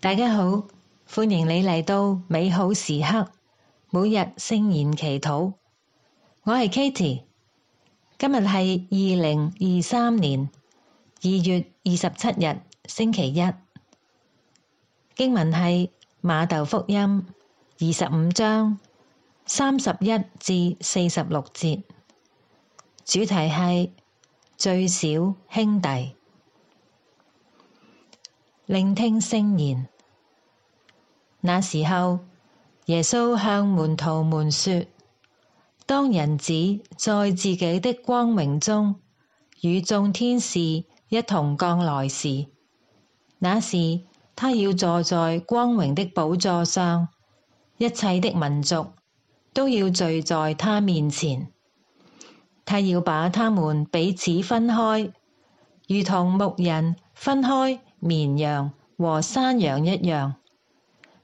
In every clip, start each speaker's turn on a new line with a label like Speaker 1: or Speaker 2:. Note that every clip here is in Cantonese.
Speaker 1: 大家好，歡迎你嚟到美好時刻，每日聖言祈禱。我係 Katy，今日係二零二三年二月二十七日星期一。經文係馬竇福音二十五章三十一至四十六節，主題係最小兄弟。聆聽聖言。那時候，耶穌向門徒們說：當人子在自己的光榮中，與眾天使一同降來時，那時他要坐在光榮的寶座上，一切的民族都要聚在他面前。他要把他們彼此分開，如同牧人分開。綿羊和山羊一樣，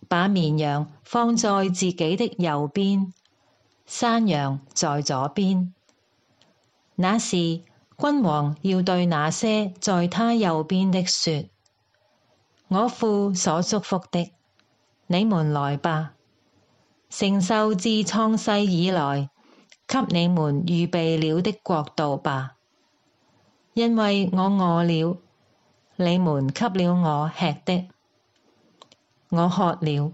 Speaker 1: 把綿羊放在自己的右邊，山羊在左邊。那時君王要對那些在他右邊的說：我父所祝福的，你們來吧，承受自創世以來給你們預備了的國度吧，因為我餓了。你們給了我吃的，我渴了；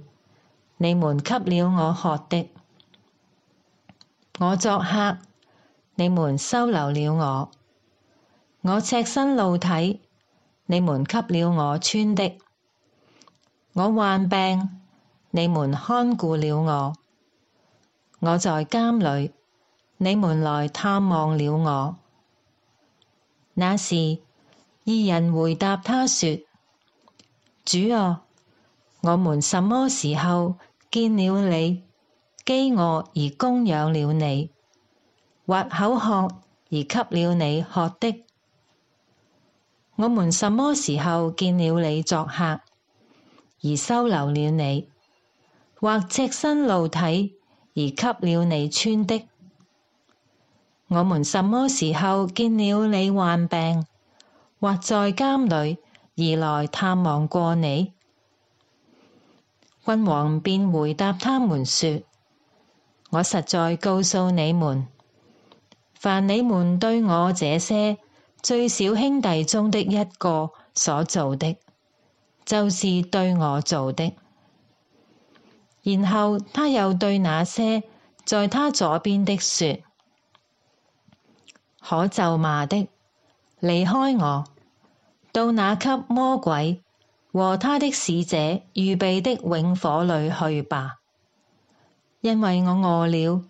Speaker 1: 你們給了我喝的，我作客；你們收留了我，我赤身露體；你們給了我穿的，我患病；你們看顧了我，我在監裏；你們來探望了我，那時，義人回答他說：主啊，我們什麽時候見了你，飢餓而供養了你，或口渴而給了你喝的？我們什麽時候見了你作客而收留了你，或赤身露體而給了你穿的？我們什麽時候見了你患病，或在監裏而來探望過你？君王便回答他們說：我實在告訴你們，凡你們對我這些最小兄弟中的一個所做的，就是對我做的。然後他又對那些在他左邊的說：可咒罵的。離開我，到那給魔鬼和他的使者預備的永火裏去吧，因為我餓了，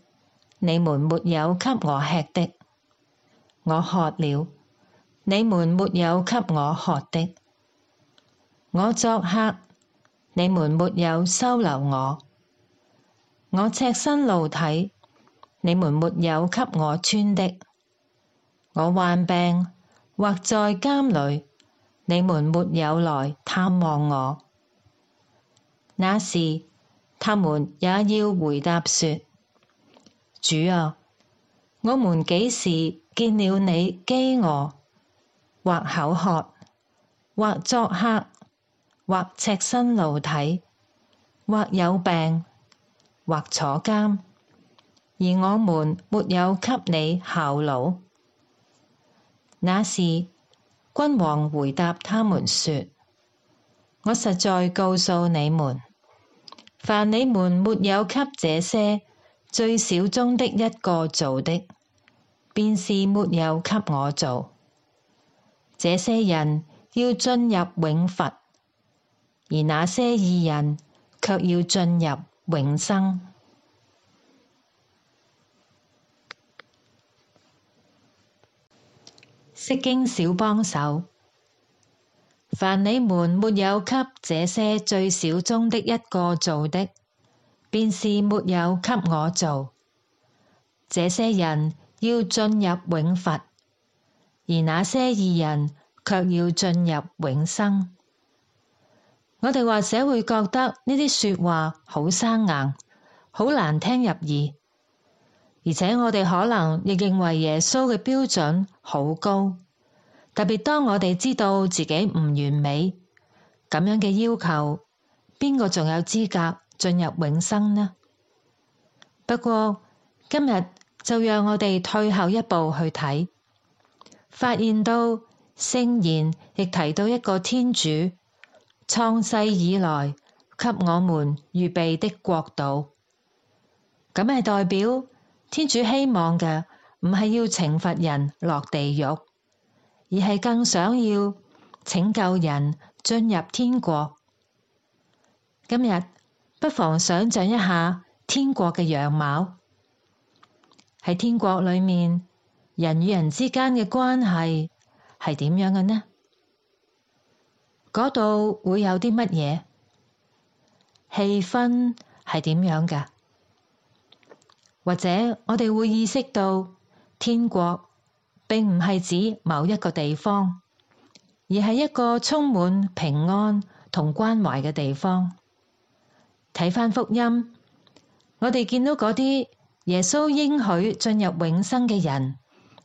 Speaker 1: 你們沒有給我吃的；我渴了，你們沒有給我喝的；我作客，你們沒有收留我；我赤身露體，你們沒有給我穿的；我患病，或在監裏，你們沒有來探望我。那時，他們也要回答說：主啊，我們幾時見了你饑餓，或口渴，或作客，或赤身露體，或有病，或坐監，而我們沒有給你效勞？那時，君王回答他們說：我實在告訴你們，凡你們沒有給這些最小中的一個做的，便是沒有給我做。這些人要進入永罰，而那些義人卻要進入永生。釋經小幫手，凡你們沒有給這些最小中的一個做的，便是沒有給我做。這些人要進入永罰，而那些義人卻要進入永生。我哋或者會覺得呢啲說話好生硬，好難聽入耳。而且我哋可能亦認為耶穌嘅標準好高，特別當我哋知道自己唔完美，咁樣嘅要求，邊個仲有資格進入永生呢？不過今日就讓我哋退後一步去睇，發現到聖言亦提到一個天主創世以來給我們預備的國度，咁係代表。天主希望嘅唔係要懲罰人落地獄，而係更想要拯救人進入天國。今日不妨想象一下天國嘅樣貌，喺天國裏面人與人之間嘅關係係點樣嘅呢？嗰度會有啲乜嘢？氣氛係點樣嘅？或者我哋會意識到，天國並唔係指某一個地方，而係一個充滿平安同關懷嘅地方。睇返福音，我哋見到嗰啲耶穌應許進入永生嘅人，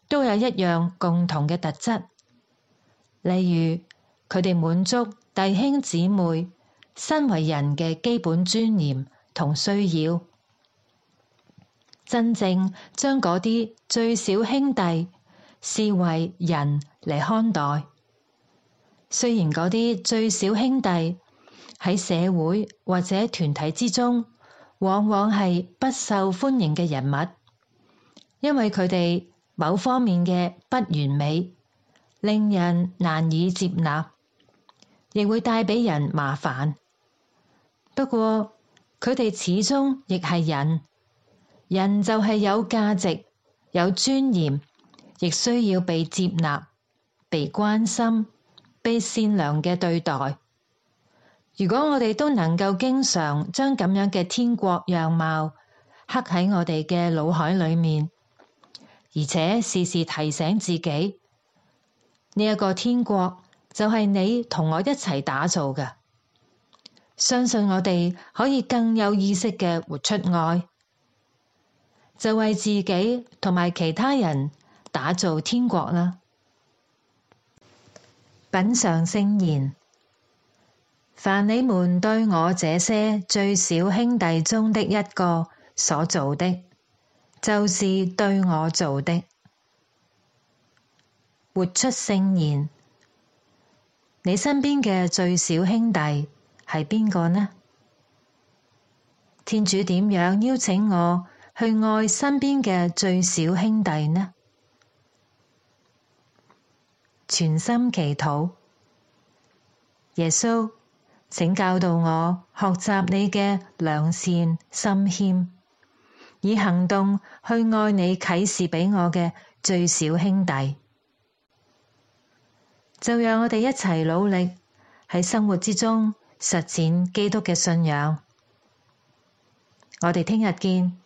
Speaker 1: 都有一樣共同嘅特質，例如佢哋滿足弟兄姊妹身為人嘅基本尊嚴同需要。真正將嗰啲最小兄弟視為人嚟看待，雖然嗰啲最小兄弟喺社會或者團體之中，往往係不受歡迎嘅人物，因為佢哋某方面嘅不完美，令人難以接納，亦會帶俾人麻煩。不過佢哋始終亦係人。人就係有價值、有尊嚴，亦需要被接納、被關心、被善良嘅對待。如果我哋都能夠經常將咁樣嘅天國樣貌刻喺我哋嘅腦海裏面，而且時時提醒自己呢一個天國就係你同我一齊打造嘅，相信我哋可以更有意識嘅活出愛。就為自己同埋其他人打造天國啦！品嚐聖言，凡你們對我這些最小兄弟中的一個所做的，就是對我做的。活出聖言，你身邊嘅最小兄弟係邊個呢？天主點樣邀請我？去愛身邊嘅最小兄弟呢？全心祈禱，耶穌，請教導我學習你嘅良善心謙，以行動去愛你啟示畀我嘅最小兄弟。就讓我哋一齊努力喺生活之中實踐基督嘅信仰。我哋聽日見。